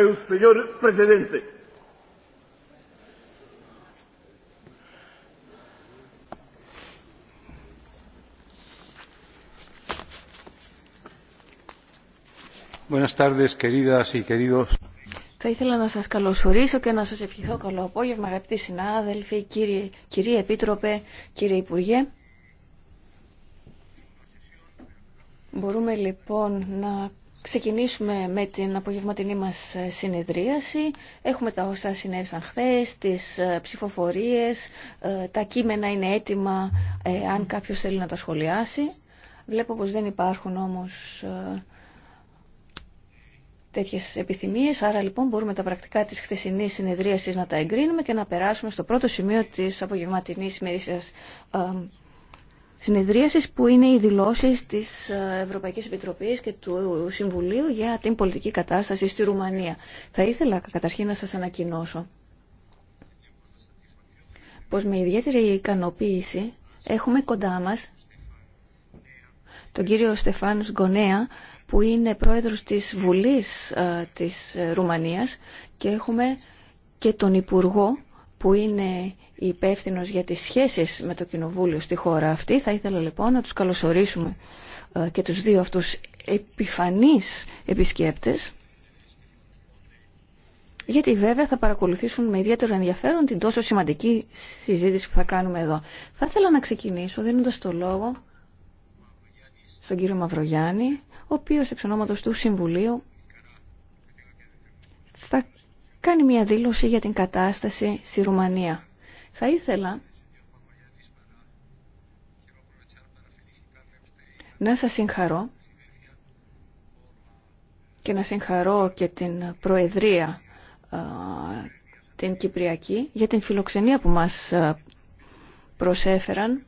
el señor presidente. Buenas tardes, queridas y queridos. Θα ήθελα να σας καλωσορίσω και να σας ευχηθώ καλό απόγευμα, αγαπητοί συνάδελφοι, κύριε, κύριε Επίτροπε, κύριε Υπουργέ. Μπορούμε λοιπόν να ξεκινήσουμε με την απογευματινή μας ε, συνεδρίαση. Έχουμε τα όσα συνέβησαν χθε, τις ε, ψηφοφορίες, ε, τα κείμενα είναι έτοιμα αν κάποιος θέλει να τα σχολιάσει. Βλέπω πως δεν υπάρχουν όμως τέτοιες επιθυμίες, άρα λοιπόν μπορούμε τα πρακτικά της χθεσινής συνεδρίασης να τα εγκρίνουμε και να περάσουμε στο πρώτο σημείο της απογευματινής ημερήσιας συνεδρίασης που είναι οι δηλώσεις της ε, Ευρωπαϊκής Επιτροπής και του Συμβουλίου για την πολιτική κατάσταση στη Ρουμανία. Θα ήθελα καταρχήν να σας ανακοινώσω πως με ιδιαίτερη ικανοποίηση έχουμε κοντά μας τον κύριο Στεφάνος Γκονέα που είναι πρόεδρος της Βουλής ε, της ε, Ρουμανίας και έχουμε και τον Υπουργό που είναι υπεύθυνο για τις σχέσεις με το Κοινοβούλιο στη χώρα αυτή. Θα ήθελα λοιπόν να τους καλωσορίσουμε ε, και τους δύο αυτούς επιφανείς επισκέπτες γιατί βέβαια θα παρακολουθήσουν με ιδιαίτερο ενδιαφέρον την τόσο σημαντική συζήτηση που θα κάνουμε εδώ. Θα ήθελα να ξεκινήσω δίνοντας το λόγο στον κύριο Μαυρογιάννη, ο οποίος εξ του Συμβουλίου θα κάνει μια δήλωση για την κατάσταση στη Ρουμανία. Θα ήθελα να σας συγχαρώ και να συγχαρώ και την Προεδρία την Κυπριακή για την φιλοξενία που μας προσέφεραν